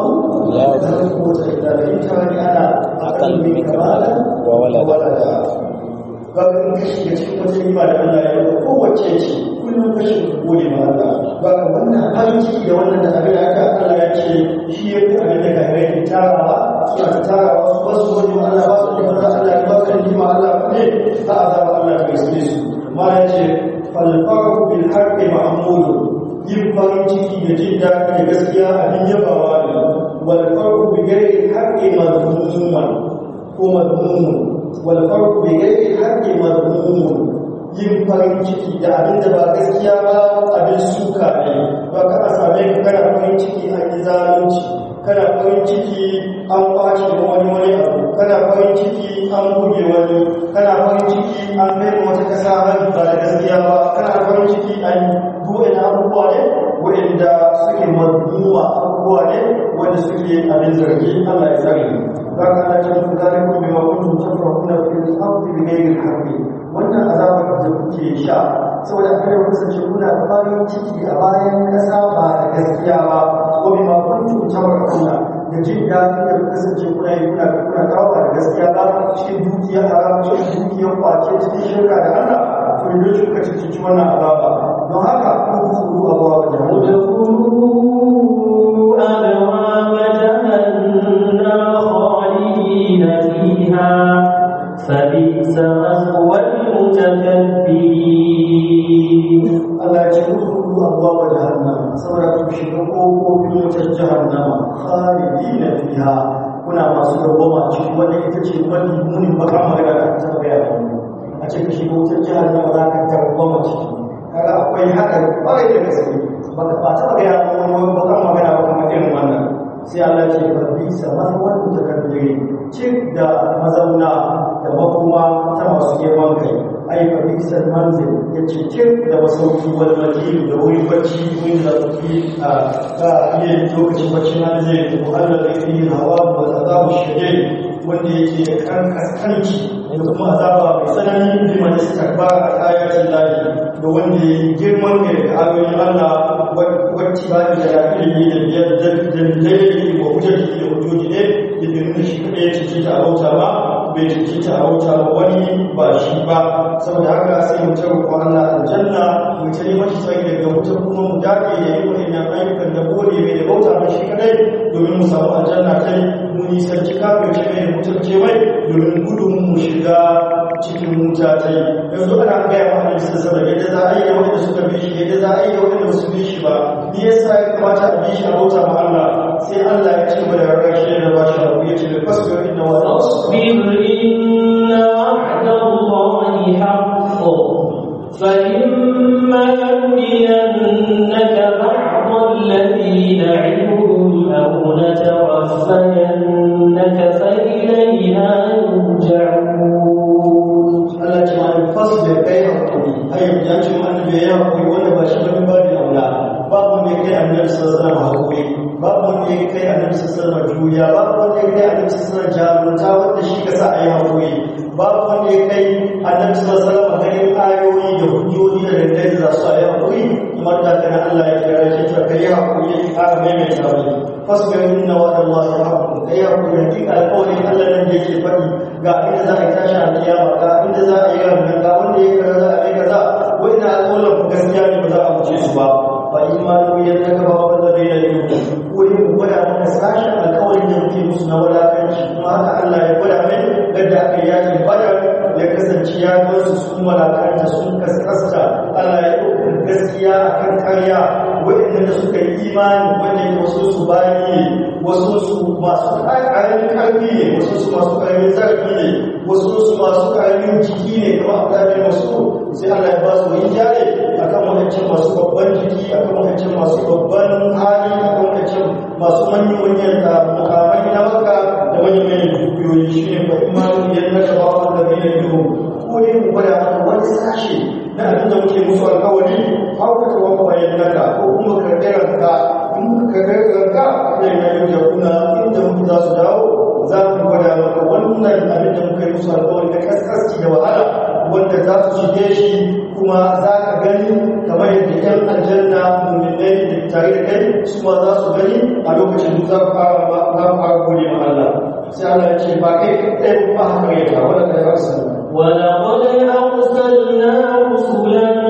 la taqutu illa anta ni ana aqal min kamala wa walada ba ka kashi da cikin wata nima da Allah ya yi kowace ce kullum kashin ka gode ma Allah ba ka wannan farin ciki da wannan da abin da aka Allah ya ce shi ya fi abin da ka gani tarawa suna ta tarawa ba su gode ma Allah ba su gode ma Allah ba su gode ma Allah ne ta azaba Allah ka su ma ya ce falfaru bil haqqi mahmudun yin farin ciki da jin daɗi da gaskiya abin yabawa ne wal farqu bi ghairi haqqi madhmuman ko madhmumun wal farqu bi ghairi haqqi madhmumun yin farin ciki da abin da ba gaskiya ba abin suka ne ba ka same ka kana farin ciki a zalunci kada farin ciki an kwace da wani wani abu kada farin ciki an buge wani kada farin ciki an bai wata kasa ran ba da gaskiya ba kada farin ciki an buɗe na abubuwa ne wadanda suke mazmuma abubuwa ne wanda suke abin zargi Allah ya tsare za ka ana cikin zalimin bima kuntum fiye da ardi da al-haqqi wannan azabar da kuke sha saboda kada ku kasance kuna da farin ciki a bayan kasa ba da gaskiya ba ko bi ma kuntum tabarruna da jin da ku kasance kuna yi kuna kuna kawo ba da gaskiya ba cikin dukiya haram cikin dukiyar kwace cikin shirka da Allah to yanzu shi ka cici wannan azaba don haka ku kuru abuwa ga jahannam فبئس مثوى المتكبرين saboda ku shiga ƙofofin wutar jahannama khalidina fiha kuna masu dawwama cikin wannan ita ce wani muni baka magana da ta gaya da mu a ce ka shiga wutar jahannama za ka dawwama ciki kaga akwai haka ƙwarai da gaske baka ba ta gaya da wani baka magana ba kamar irin wannan sai Allah ce ka bi samar wanda ta karbire cik da mazauna da makoma ta masu girman kai Aiko fa manzil ya ce da masauki wani majid da wuri kwanci mun da tafi a ta iya lokacin bacci na zai da Allah da yi hawa za azabu shige wanda yake da kaskanci da kuma azaba mai tsanani da man istakba a ayatin lahi da wanda ya girman ga ayoyin Allah wacce ba da ilimi da biyar da dalilin wa hujjaji da ke hujjoji ne da birnin shi kaɗai ya ce ta abauta ba bai jiki wuta taro wani ba shi ba saboda haka sai mu ce ko Allah janna mu ce mashi sai daga wuta kuma mu da yayin wannan ayyukan da gode mai da bauta shi kadai domin mu samu aljanna kai nisanci kafirce mai mutunce mai domin gudun mu shiga cikin wuta ta yi yanzu ana gaya wa annabi sun saba wasallam yadda za a yi da suka bi shi yadda za a yi da wanda ba su bi shi ba ni yasa ya kamata a bi shi a bauta ma Allah sai Allah ya ci gaba da rarrashi da ba shi abu ya ce da fasbir inna wa tasbir inna wa'dallahi haqqun فإما يأتينك بعض الذين نعدهم أو نتوفينك annabi ya wanda ba shi wani da aula babu ne kai annabi sallallahu alaihi hakuri babu ne kai annabi sallallahu juriya babu kai annabi jarumta wanda shi ka sa yi hakuri babu ne kai annabi sallallahu alaihi ayoyi da hujjoji da dalilai da za su yi hakuri kuma da kana Allah ya kira shi ta kai hakuri ya fara mai mai sabbi fasbir inna wa Allah ya hakuri kai hakuri hakika alƙawarin Allah nan da ke faɗi ga inda za a tashi a kiyama ga inda za a yi ga wanda ya kira za a yi kaza wanda alƙawarin ku gaskiya ne ba za a wuce su ba fa imanu ya ta gaba wanda bai da yi ko ne ku gwada mana sashen alkawarin da yake musu na wadatanci kuma haka Allah ya gwada mai gada aka yi yakin badar ya kasance ya yi su sun malakanta sun kaskasta Allah ya ɗaukun gaskiya a kan karya waɗanda suka yi imani wanda wasu su bayi ne wasu su masu ƙaramin ƙarfi ne wasu su masu ƙaramin zarfi ne wasu su masu ƙaramin jiki ne kamar ƙaramin wasu sai Allah ya ba su wani jare akan wadancan masu babban jiki akan wadancan masu babban hali akan wadancan masu manyan manyan da mukamai na maka da wani manyan dukiyoyi shi ne ba kuma yi na shaba wanda bai da yiwu ko ne mu gwada maka wani sashe na abin da muke musu alkawari haukata ka tawa bayan naka ko kuma ka kiranka ka gargarka kai na yau da kuna inda muku za su dawo za mu gwada maka wannan abin da muka yi musu alƙawari na kaskaski da wahala wanda za su shige shi kuma za ka gani kamar yadda yan aljanna mummunai da tare da kai su ma za su gani a lokacin da za ku fara gode ma Allah sai Allah ya ce ba kai ɗaya ba haka yadda wanda ka yi wasu ولقد أرسلنا رسلا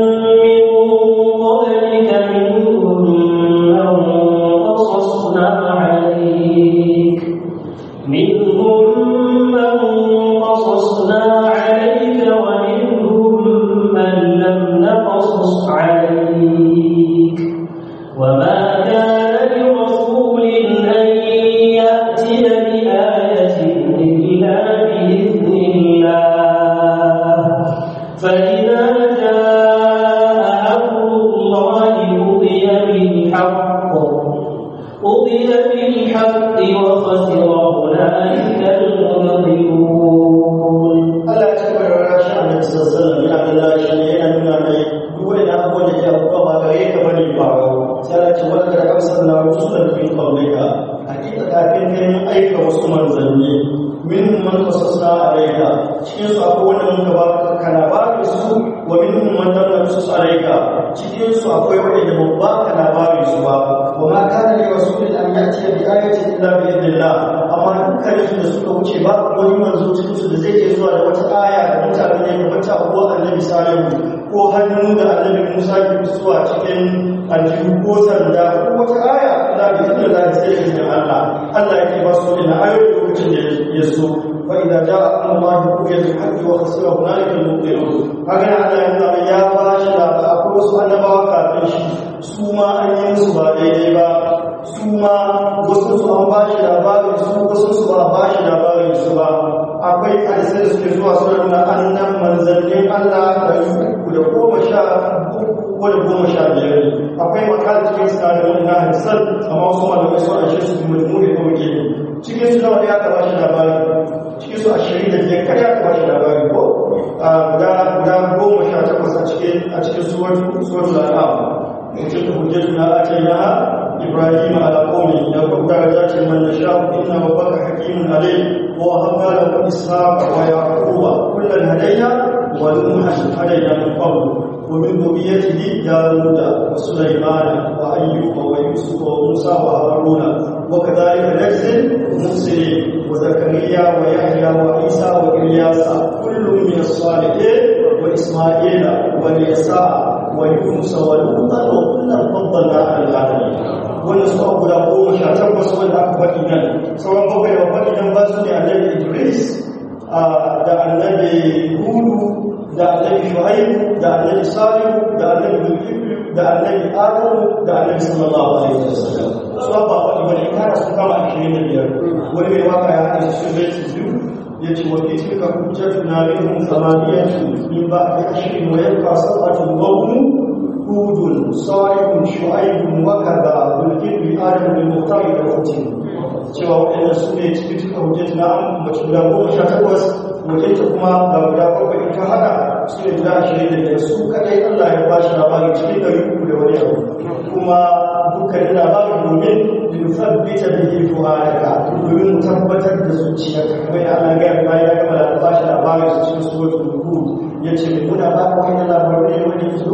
akwai hadisai da suke zuwa suna na annan manzannin Allah da uku da goma sha uku ko da goma sha biyar ne akwai makar cikin su da wani na hadisan amma wasu malamai su ashe su da ne kuma ke cikin su nawa ya kaba shi labari cikin su ashirin da biyar kada ya kaba shi labari ko guda guda goma sha takwas a cikin a cikin suwar suwar lalawa mutum da hujjar na ajiyar إبراهيم على قومه على درجات من يشاء إن ربك حكيم عليم ووهبنا له إسحاق ويعقوب كلا هدينا ونوحا هدينا من قبل ومن ذريته داود وسليمان وأيوب ويوسف وموسى وهارون وكذلك نجزي المرسلين وزكريا ويحيى وعيسى وإلياس كل من الصالحين وإسماعيل واليساع ويونس ولوطا وكلا فضلنا على العالمين wannan su abu da goma sha can ba su wanda aka faɗi nan sauran bakwai ba faɗi nan ba su ne annabi idris da annabi hudu da annabi shu'aibu da annabi salihu da annabi zulkifli da annabi adamu da annabi sallallahu alaihi wa sallam su abu faɗi ba ne kara su kama ashirin da biyar wani mai waka ya haɗa su shirin su biyu ya ce wa ke cika kuma jirgin na rikin zamaniya ce in ba a yi ashirin wa ya kasa ba ta gwamnu هود صالح شعيب وكذا بالكبر آدم بالمختار والختين cewa waɗanda su ne cikin cikin hujjat na mace guda goma sha takwas ta kuma da guda farko in ka hada su ne guda ashirin da biyar su kadai Allah ya ba shi labarin cikin ɗari uku da wani abu kuma dukkanin labarin domin linusabbita da ke fuharaka domin mu tabbatar da zuciyarka kamar da Allah ya gaya ya gama da ba shi labarin su cikin su wajen suwar ya ce muna ba ka wani labarai wani su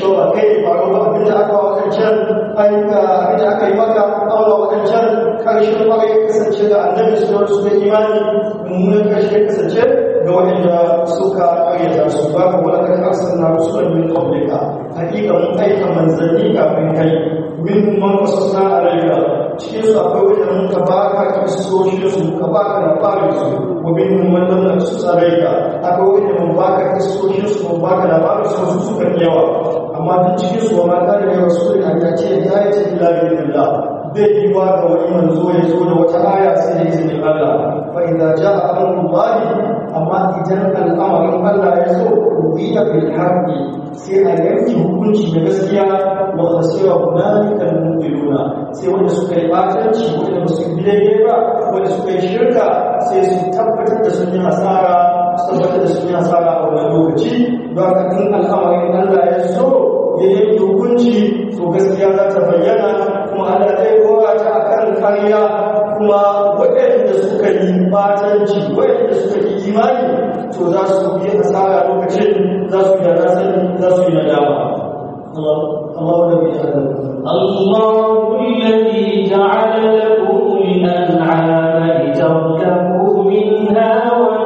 cewa ba kai faru ba abinda aka wakancan abinda aka yi maka aula wakancan karshen kwarai kasance da annabi suna da su da imani mummunan karshe kasance ga waɗanda suka ƙaryata su ba ku wani kan arsalna rusulan min qablika hakika mun aika manzanni kafin kai min man qasasna alayka cikin su akwai wanda mun ka baka kisoshin su ka baka labarin su wa min man lam naqsus alayka akwai wanda mun baka kisoshin su mun baka labarin su su suka yawa amma duk cikin su ma ka da da Allah ce ya yi ta ila billah bai yi wa ga wani manzo ya zo da wata aya sai ya ce Allah fa idza jaa Allah amma idan al'amarin Allah ya so rubiya bil harbi sai a yanki hukunci da gaskiya wa khasira hunalika al-mu'minuna sai wanda suka yi batanci wanda suka bi daidai ba wanda suka yi shirka sai su tabbatar da sun yi saboda da suna tsara a wani lokaci don haka kan al'amarin Allah ya so ya yi hukunci to gaskiya za ta bayyana kuma Allah zai kora ta akan kariya, kuma waɗanda suka yi fatanci waɗanda suka yi imani to za su yi asara lokacin za su yi nasani za su yi nadama الله الذي الله الذي جعل لكم الأنعام لتركبوا منها ومن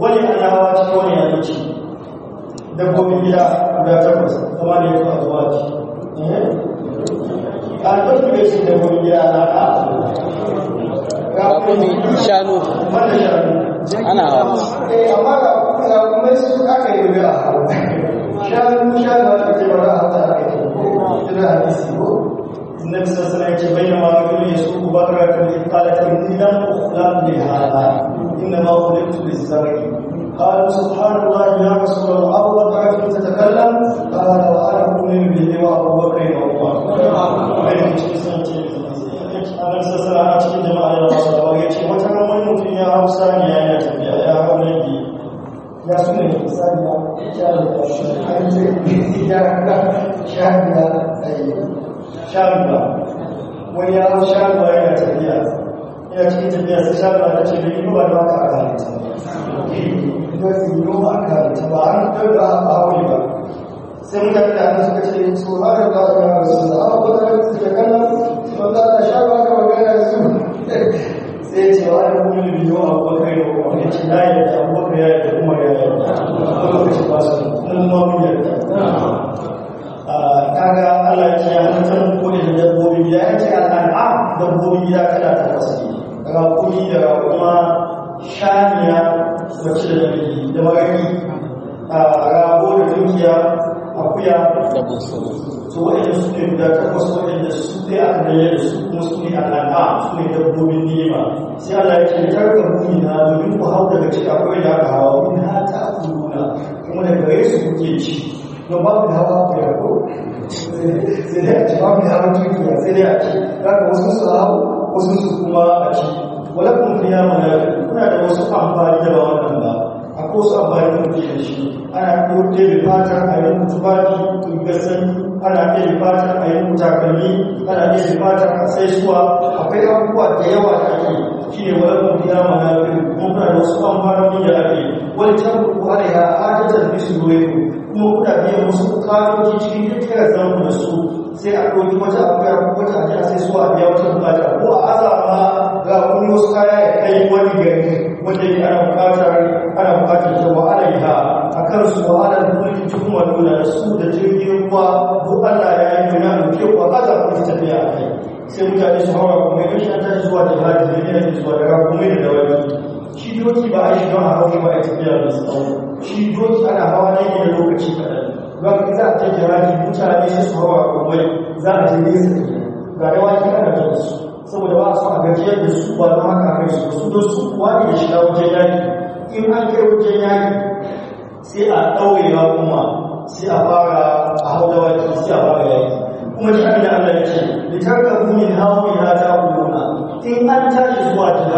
wani a yawa ci wani a da gobe gida guda takwas Allah ya ce ya halatta mu ko da dabbobin gida ya ce al'am ah, dabbobin gida kala ta kasu ne daga kuɗi daga kuma shaniya wacce da namiji da magani a rago da dukiya akuya to waɗanda su ne guda takwas waɗanda su ne aka bayyana da su kuma su ne al'am su ne dabbobin nema sai Allah ya ce karka mumina domin ku hau daga ciki akwai da aka hawa ta kuma daga gare su kuke ci don babu da hawa ku sai dai a ci babu ya mutu dukiya sai dai a ci za ka wasu su hau wasu su kuma a ci wala kun fi ya mana kuna da wasu amfani da ba wannan ba a ko su amfani da kuke da shi ana ko ɗebe fatar a yi mutu ba ni kun ga sani ana ɗebe fatar a yi mutu takalmi ana ɗebe fatar a sai suwa akwai abubuwa da yawa da ake shi ne wala kun fi ya mana kuma kuna da wasu amfani da ake wani can ku har ya hajjatar bisu ruwa kuma kuna biyan musu karoji cikin duk kira zan da su sai a ɗauki wata abuwa ko wata ajiya sai su a biya wata bukata ko a ma ga kuma wasu kaya ya kai wani gari wanda ne ana bukatar ana bukatar ta wa alaiha a kan su wa ala mulki cikin walwala da su da jirgin ruwa ko Allah ya yi nuna da ke ku a ku tafiya a kai sai mutane su hawa kuma ya shi an tashi zuwa jihadi da ne da zuwa da rakumi da dawaki shi doki ba a shi don hawa ne ba a tafiya da tsawo shi doki ana hawa ne da lokaci kaɗan ba ka za a ta kira ni mutane shi su hawa komai za a je nesa ne ga da wani kana da su saboda ba a so a gajiyar da su ba don haka kai su su da su kuwa ne da shiga wajen yaki in an kai wajen yaki sai a ɗaure ya kuma sai a fara a hau da wani sai a fara yaki kuma shi abin da Allah ya ce kuma ya hawa ya ta kuma in an tashi zuwa ta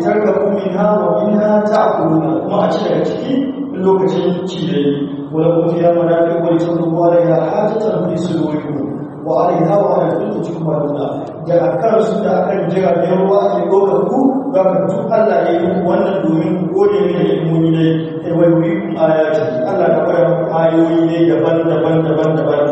litarkabu minha wa minha ta'kuluna kuma a ce a ciki lokacin cikin da yi wala ya mana da wani sanu da ya hajatan fi suluwikum wa alaiha wa ala kulli jumaluna da akan su da akan jiragen ruwa ke dokar ku ga ku Allah ya yi wannan domin ku gode ne da ilimi ne ai wai ku ayati Allah ka fara ayoyi ne daban-daban daban-daban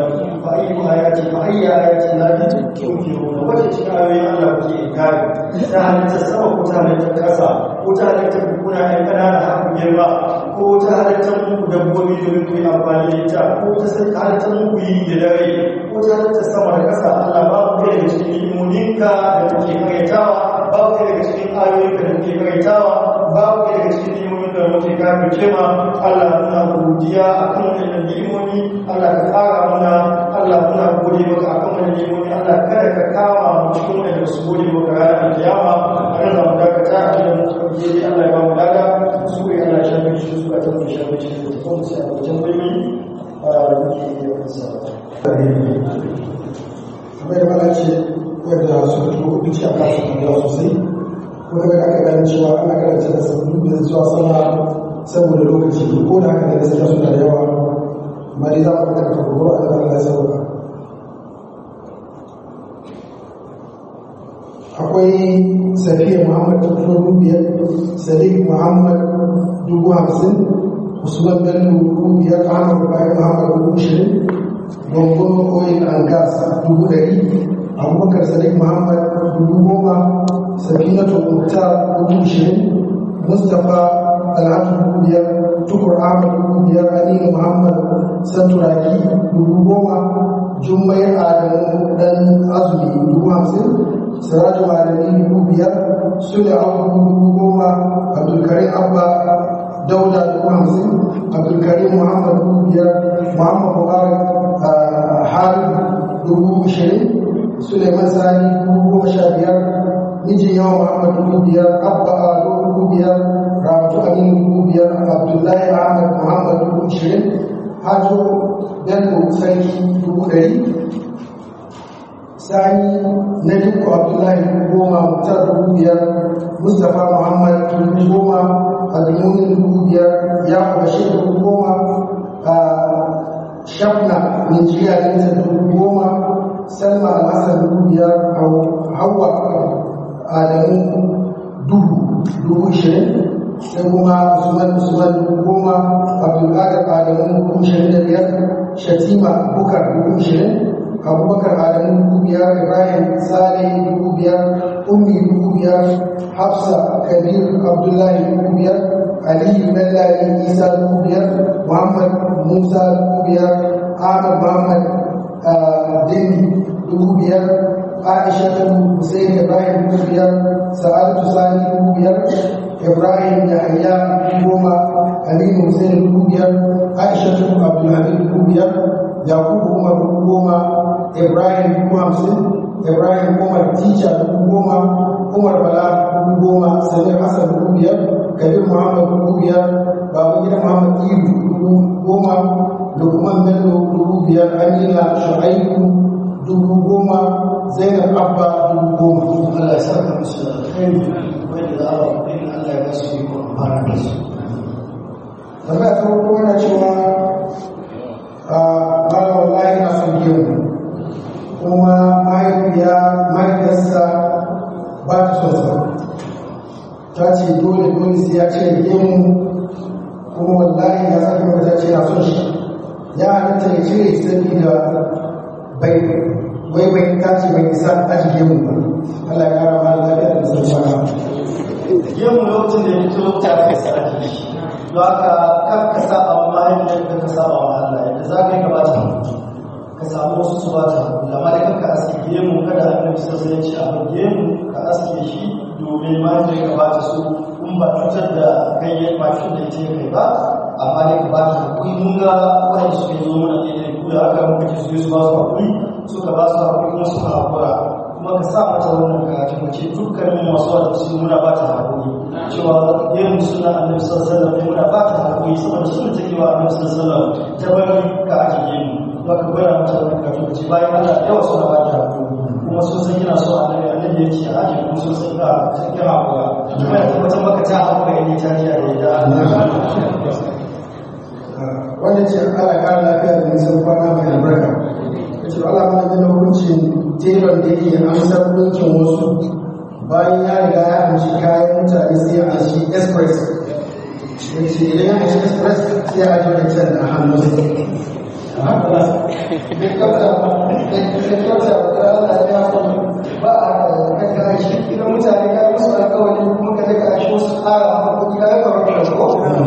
تأويل آيات فأي آيات الله تنكرون وجه آيات الله في إنكار سهل تسمى وتهل تكسى وتهل تكون أيمنا لها مجرى ko ta halittar muku dabbobi domin ku yi amfani da ita ko ta halittar muku yi da dare ko ta halittar sama da ƙasa Allah ba ku kai daga cikin ilmoninka da kuke kaitawa ba ku kai daga cikin ayoyin da kuke kaitawa ba ku kai daga cikin ilmomin da kuke kafin Allah muna godiya akan wannan ilmoni Allah ka ƙara mana Allah muna gode maka akan wani nemomi Allah kada ka kama mu cikin wani da su gode maka ranar kiyama a nan mu dakata a cikin mu suka Allah ya ba mu dada su ya Allah ya shi su ka tafi shafe shi da kuma sai a wajen birni a muke iya ana ce wadda su fito a kasu kuma sosai aka cewa ana karanta da zuwa sama saboda lokaci ko da aka da sai da yawa mariza a kan tabo a kan lasawa akwai safiya muhammad tukunan rubiyar sadiq muhammad dubu hamsin usman bello rubiyar ahmad bayan muhammad dubu shirin gongon oil and gas dubu ɗari abubakar sadiq muhammad dubu goma safinatu muktar dubu shirin mustapha Al-Abdul kemudian Tukur Ahmad kemudian Ali Muhammad Santuraki Dugu Goma Jumai Adam dan Azmi Dugu Hamzir Seraju Adam ini kemudian Sunni Abdul Dugu Goma Abdul Karim Abba Dauda Dugu Hamzir Abdul Karim Muhammad kemudian Muhammad Bukhari Harim Dugu Syarif Sulaiman Sani Dugu Syariah Nijiyah Muhammad kemudian Abba Alur dubu biyar rabatu amin dubu biyar abdullahi ahmad muhammad dubu ishirin hajo bello sarki dubu ɗari sani na dukku abdullahi dubu goma mutar dubu biyar mustapha muhammad dubu goma abdulmumin dubu biyar yakubu bashir dubu goma shafna nigeria ɗinta dubu goma salma masa dubu biyar hawa adamu duhu dubu shirin: sai kuma usman usman goma abdulkadir adamu dubu ishirin da biyar shatima bukar dubu shirin: abubakar adamu dubu biyar ibrahim sale dubu biyar ummi dubu biyar hafsa kabir abdullahi dubu biyar aliyu lallahi isa dubu biyar muhammad musa dubu biyar ahmad muhammad uh, dini dubu biyar عائشة بن حسين إبراهيم مجبير سألت سالم مجبير إبراهيم يحيى هما بن حسين مجبير عائشة بن عبد الحميد مجبير يعقوب هما هما إبراهيم بن حسين إبراهيم هما تيجا هما عمر بلا هما سمير حسن مجبير كريم محمد مجبير بابا محمد بن هما لقمان بن مجبير أمين شعيب dubu goma zai da abba dubu goma allah ya saka musu da alkhairi wanda za a wani allah ya kasu yi kwanfara da su tambaya ta farko yana cewa bala ah, wallahi na son biyu kuma mahaifiya mahaifiyarsa ba ta son sa ta ce dole dole sai ya ce gemu kuma wallahi ya saka mata ce na son shi ya halitta ya cire sabi da bai wai bai ta ce bai isa a jike mu ba Allah ya kara ma lafiya da sun fara yin lokacin da ya fito lokacin da ka sarrafa shi don haka kan ka saba a mayan da ka saba wa Allah yadda za ka yi ka ka samu wasu su ba ta da kanka aske mu kada annabi sai ya a buge mu ka aske shi domin ma ya gabata su kun ba cutar da kai ba cutar da ita kai ba amma dai ba ta hakuri yi mana da ku da aka muka ci su suka ba su hakuri kuma suka hakura kuma ka sa mata wannan karatu mace dukkanin masu wata su muna ba ta hakuri cewa yin suna annabi sallallahu alaihi muna ba ta hakuri saboda suna take wa annabi sallallahu ta bari ka ake yin ba ka gwada mata wannan karatu mace kuma sun san yana so a ake sun san kuma ta ji a wanda ce ala kara lafiya da nisan kwana mai albarka ce ala mana da hukuncin teban da yake amsar ɗinkin wasu bayan ya riga ya amshi kayan mutane sai ya amshi express ya ce idan ya amshi express sai ya ajiye da can da hannu ya ya ba a kakkan shi mutane ya musu alkawari kuma ka daga shi wasu tsara yi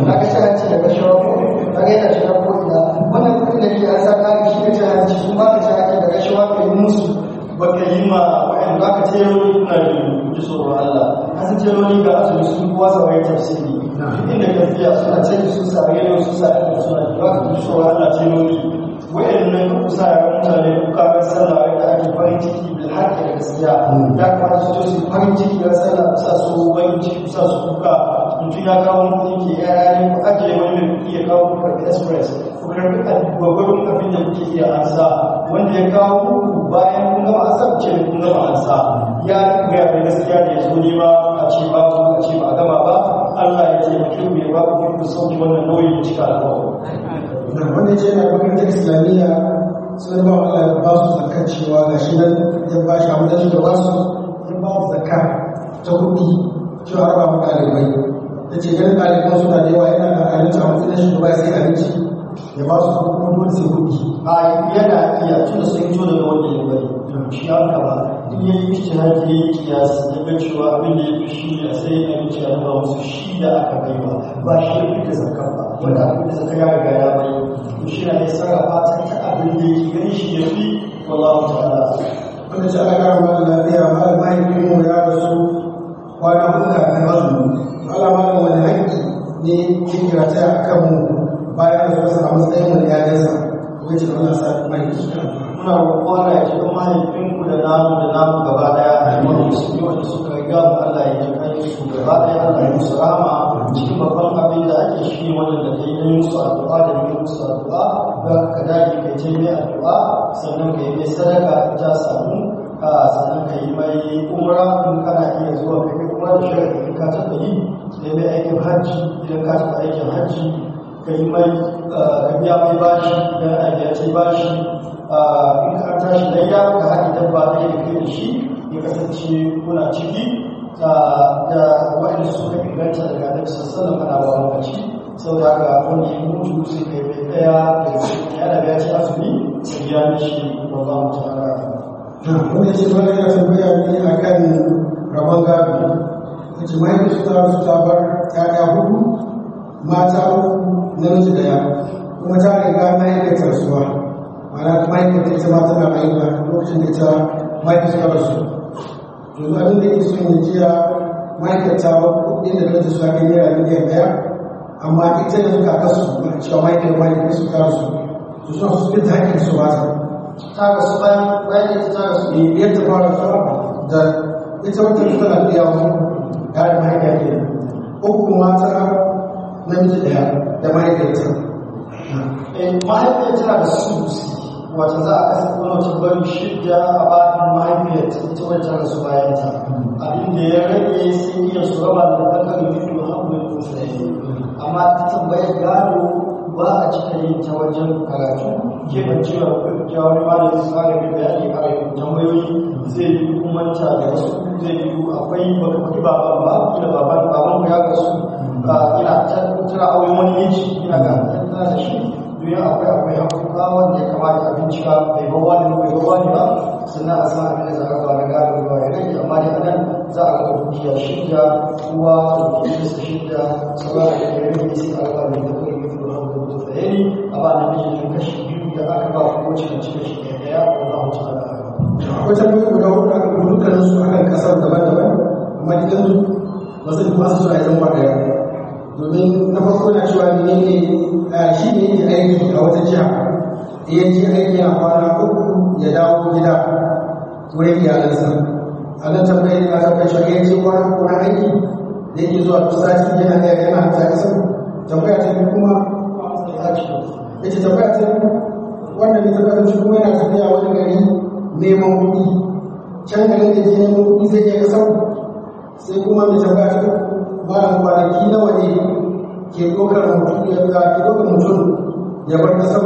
a kashe hanci da kashe wa da shiga ko ina wannan kuɗin da ke an sa ƙari shi ne ta hanci sun ba ka ta hanyar da rashawa ka yi musu ba ka yi ma wa'yan ba ka ce yau kuna yi ji tsoro Allah an san celoli ga asali sun kuwa saurayi tafsiri inda ka fiya suna ce su sa rediyo su sa ɗin suna ba ka ji tsoron Allah celoli wa'yan nan ka kusa ya mutane kuka ga sallah wa'yan ake farin ciki da haƙƙi da gaskiya hmm. ya kamata su ce su farin ciki ga sallah su bakin ciki kusa su kuka mutum ya kawo mutum ke yaya ne ku ajiye wani mai kuɗi ya kawo ku karɓi express ku karɓi gwagwarin abin da kuke iya ansa wanda ya kawo muku bayan kun gama ansa ku ce kun gama ansa ya ga ya bai gaskiya da ya zo ne ba a ce ba ku a ce ba a gama ba Allah ya ce mutum mai ba ku ku sauki wannan nauyi da cika alƙawari. Da wanda ce na gwamnatin Islamiyya sun ba wa Allah ba su zakar cewa ga shi nan ya ba shi abin da shi da ba su ya ba su zakar ta kuɗi cewa raba mu ɗalibai da ce ganin ɗaliban suna da yawa yana da abinci a matsayin ba sai abinci ya ba su kuma dole sai kuɗi a yana iya tuna da sun da wanda ya bari da shi ya ba duk ya yi kici na ke yi kiyasi da ga cewa abin da ya fi shi a sai abinci a ba wasu shi da aka bai ba ba shi ya fi da zakar ba wanda abin da zakar ya riga ya bai to shi na ya sarrafa ta ta abin da ya ke gani shi ya fi wallahu ta'ala wanda ta aka rawa da lafiya malamai kuma ya rasu kwanan uku kafin azumi Allah malam wani haƙƙi ne kira ta akan mu bayan da rasa a matsayin mu ya rasa wajen Allah sa mai muna roƙon Allah ya ji mahaifin ku da namu da namu gaba daya da musulmi wanda suka yi mu Allah ya ji kai su gaba daya Allah ya musu rama cikin babban abin da ake shi wannan da ta yi musu addu'a da yi musu addu'a da ka dage ka je mai addu'a sannan ka yi mai sadaka ta samu ah, sannan ka yi mai umra in kana iya zuwa kai ba da shari'a in ka taɓa yi sai mai aikin hajji idan ka taɓa aikin hajji ka yi mai ka mai bashi idan aiki bashi in ka tashi laida ka haɗe dabba ɗaya da kai da shi ya kasance kuna ciki da waɗanda suka inganta daga annabi sallallahu alaihi ana ba ci saboda haka wanda ya mutu sai kai bai daya da cikin yana ya ci azumi sai ya mishi wallahu ta'ala. Na, wanda ce wani ya tambaya ne akan rabon gado. mace mahaifiyarsu suka rasu ta bar ‘ya'ya hudu mata uku namiji daya kuma ta riga mahaifiyarta rasuwa ma'ana mahaifiyarta ita ma tana rayuwa lokacin da ita mahaifiyarsu ta rasu yanzu abin da yake so yin jiya mahaifiyarta kuɗin da rage su a kan naira miliyan ɗaya amma ita suka kasu a cewa mahaifiyar mahaifiyarsu ta rasu su suna su fi ta hakin su ba ta ta rasu bayan bayan ita ta rasu ne yadda fara rasu da ita wata tana biya wasu tare mahaifiya ke nan uku mata namiji ɗaya da mahaifiyarta eh, mahaifiyar tana da su wata za a kasa kuma wata bari shidda a bayan mahaifiyar ta wancan da su bayan ta abin da ya rage sai iya su raba da yi ɗaukar mutu haɓar da amma ta tambayar gado ba a cika yin ta wajen karatu ke ban cewa ja wani malami su fara ga bayani a yin tambayoyi zai yi hukumanta da wasu zai yi akwai baka kuɗi baban ba kila baban baban ya ba ina tana a wani wani yanci ina ga tana da shi duniya akwai akwai ya kuka wanda ya kamata abinci ba bai ba wani bai ba wani ba sannan a san ne da za a ba na gado ba ya rage amma da nan za a ga dukiya shida uwa da dukiya shida sauran da ya rage su a ga da da yayi a ba na mijin kashi biyu da aka ba kowace mace kashi ɗaya ko za mu ci gaba akwai tambayoyi guda hudu aka gudu dukkanin akan kasar daban-daban amma gidan su ba zai ba su suna idan ba domin na farko na cewa ne ne shi ne yake a wata jiha eh, ya a aiki a kwana uku ya dawo gida wurin iyalansa a nan tambayar ne aka kai shi ya je kwana kuna aiki da yake zuwa sati yana yana ta kasar tambaya ta kuma aisha ya ce tambaya ta ya yana tafiya wani gari neman kuɗi can garin da ke neman kuɗi zai iya kasar sai kuma mai tambaya ta malam kwanaki nawa ke ɗaukar mutum ya ke ɗaukar mutum ya bar kasar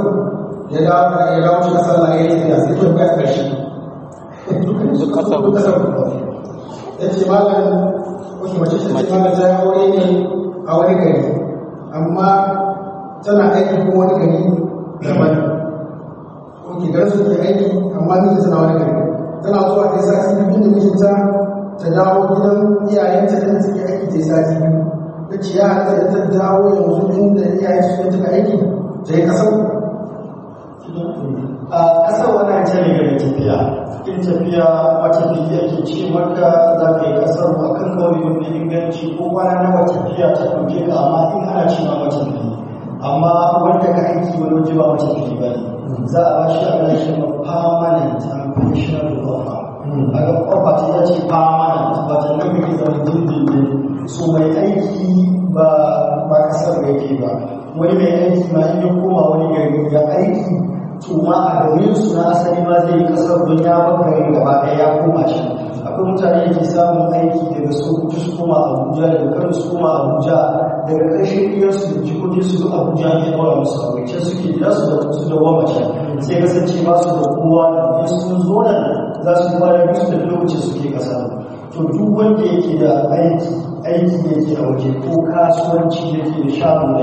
ya ya dawo na tafiya sai ta shi ya ce malam wasu mace ce malam ta yi aure ne a wani gari amma tana aiki ko wani gari daban ko ke gara su ke aiki amma mijin tana wani gari tana zuwa ta sati biyu da mijinta ta dawo gidan iyayenta da suke aiki ta sati biyu ta ce ya halatta da ta dawo yanzu inda iyayen su suka aiki ta yi kasar a kasar wani ake ne daga tafiya cikin tafiya wata tafiya ke ce maka za ka yi kasar akan kawai da inganci ko kwana wata tafiya ta ɗauke ka amma in ana ce ma mata amma wanda ka aiki wani jiwa ba mace ke ba ne za a bashi ana shi ma permanent and professional offer a ga kofa ta ya ce permanent ba ta nan mai zama dindindin so mai aiki ba ba kasar da yake ba wani mai aiki ma iya koma wani gari ya aiki to ma a garin su na asali ma zai kasar don ya bakarai gaba ɗaya ya koma shi akwai mutane da ke samun aiki daga sokoto su koma abuja daga kano su koma abuja daga ƙarshen iya su da jikoki su da abuja ne ɗaura wani aure can suke da su da su da wa mace sai kasance ba su da kowa da in sun zo nan za su kwana su da lokacin suke ƙasa to duk wanda yake da aiki aiki ne ke a waje ko kasuwanci ne ke da shagon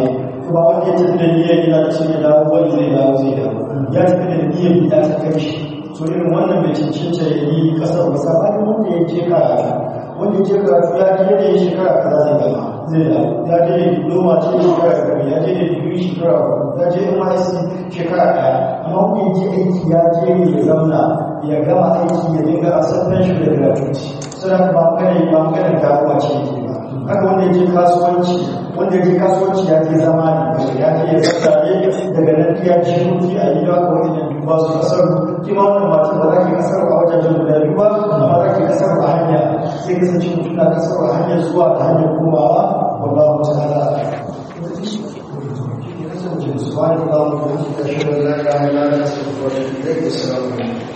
ko ba wanda ya tafi da niyyar yana da cin da dawo wani zai dawo zai dawo ya tafi da niyyar ya ta kai shi to irin wannan bai cancanta ya yi kasar ba sabanin wanda ya je karatu wanda ya je karatu ya je da ya shekara kaza zai gama zai da ya je da ce shekara ya je da digiri shekara ya je MIC shekara ɗaya amma wanda ya je aiki ya je ya zauna ya gama aiki ya dinga a sabon shi da gratuity suna ba kai ba kai da karuwa ce haka wanda yake kasuwanci wanda yake kasuwanci ya ke zama da mace ya ke tsaye daga nan ya ci mutu a yi ko wani yanzu ba su kasar kima wannan matan ba za ki kasar a wajajen guda biyu ba ba za ka kasar a hanya sai kasance mutum na kasar a hanyar zuwa da hanyar komawa wallahu ta'ala سبحانك اللهم وبحمدك اشهد ان لا اله الا انت استغفرك واتوب اليك السلام عليكم